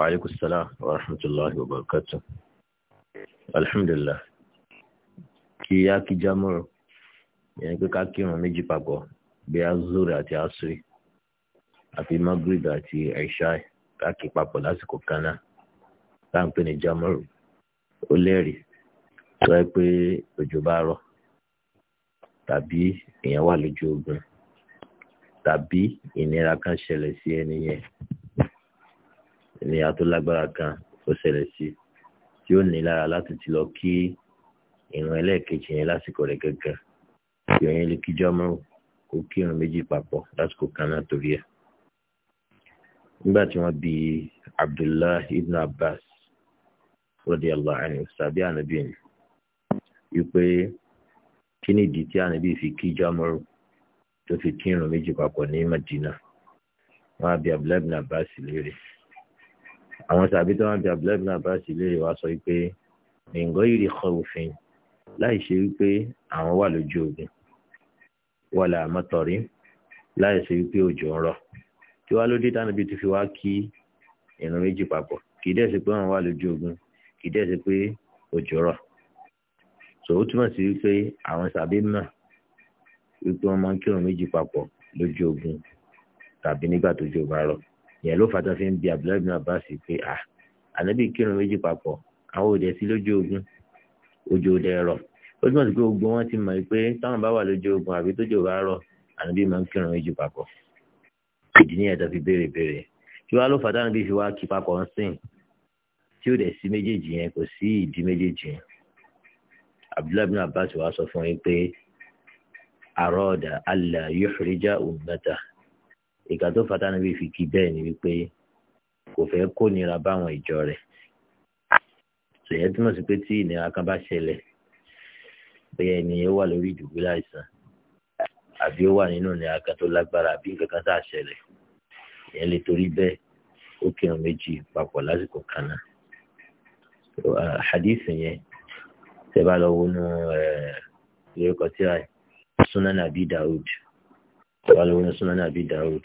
وعليكم السلام ورحمة الله وبركاته الحمد لله kí á kí jámọ̀rọ̀ yẹn pé ká kírun méjì papọ̀ bí azuri asiri àfi magrib ati aishai ká kí papọ̀ lásìkò kan náà tá à ogun tàbí ìnira kan ṣẹlẹ̀ sí ẹni yẹn ìnira tó lágbára kan tó ṣẹlẹ̀ sí tí ó lára láti ti lọ kí ìrun ẹlẹ́ẹ̀kejì yẹn lásìkò rẹ̀ gẹ́gẹ́ kí òyìn lè kíjọ́ mọ́ kó kí méjì papọ̀ lásìkò kan náà torí ẹ̀. nígbà tí wọ́n bi ibn Abbas fi kíjọ́ mọ́ tó fi kí méjì papọ̀ ní Madina wọ́n á bi àwọn tàbí tó wọn bí abdullahi bin abbas ilé wa sọ pé nǹkan yìí kọ òfin láì ṣe wípé àwọn wà lójú ogun wọlé àmọtọrí láì ṣe wípé òjò ń rọ̀ tí wàá ló dé tánà bíi ti fi wá kí ìrun méjì papọ̀ kì í dẹ̀ ṣe pé àwọn wà lójú ogun kì í dẹ̀ ṣe pé òjò rọ̀ so ó túmọ̀ sí wípé àwọn tàbí mọ̀ wípé wọ́n máa ń kírun méjì papọ̀ lójú ogun tàbí nígbà tójò bá rọ̀ ìyẹn ló fàtọ́ fi ń bi abdullahi bin abbas pé à ànábì kírun méjì papọ̀ àwọn òde sí lójú ogun ojú òde rọ̀ ó túmọ̀ sí pé gbogbo wọn ti mọ̀ pé táwọn bá wà lójú ogun àbí tójú ò bá rọ̀ ànábì máa ń kírun méjì papọ̀ ìdí nìyẹn tó fi béèrè béèrè tí wàá ló fàtọ́ ànábì fi wá kí papọ̀ ń sìn tí ò dẹ̀ sí méjèèjì yẹn kò sí ìdí méjèèjì yẹn abdullahi bin abbas wàá sọ fún yín pé àrọ́ọ̀dà allah yóò rí já òun mẹ́ta ìgbà tó fata níbi fi kí bẹ́ẹ̀ ni wípé kò fẹ́ kó nira báwọn ìjọ rẹ̀ sòyẹ́ túmọ̀ sí pé tí ìnira kan bá ṣẹlẹ̀ bóyá ẹni yẹn wà lórí ìdùbúlẹ̀ láìsàn àbí ó wà nínú ìnira kan tó lágbára àbí nǹkan kan tá a ṣẹlẹ̀ ìyẹn lè torí bẹ́ẹ̀ ó kírun méjì papọ̀ lásìkò kan náà hadith yẹn tẹ́ bá lọ wọnú lórúkọ tí a Sunan Abi Dawud tẹ́ bá lọ wọnú Sunan Abi Dawud.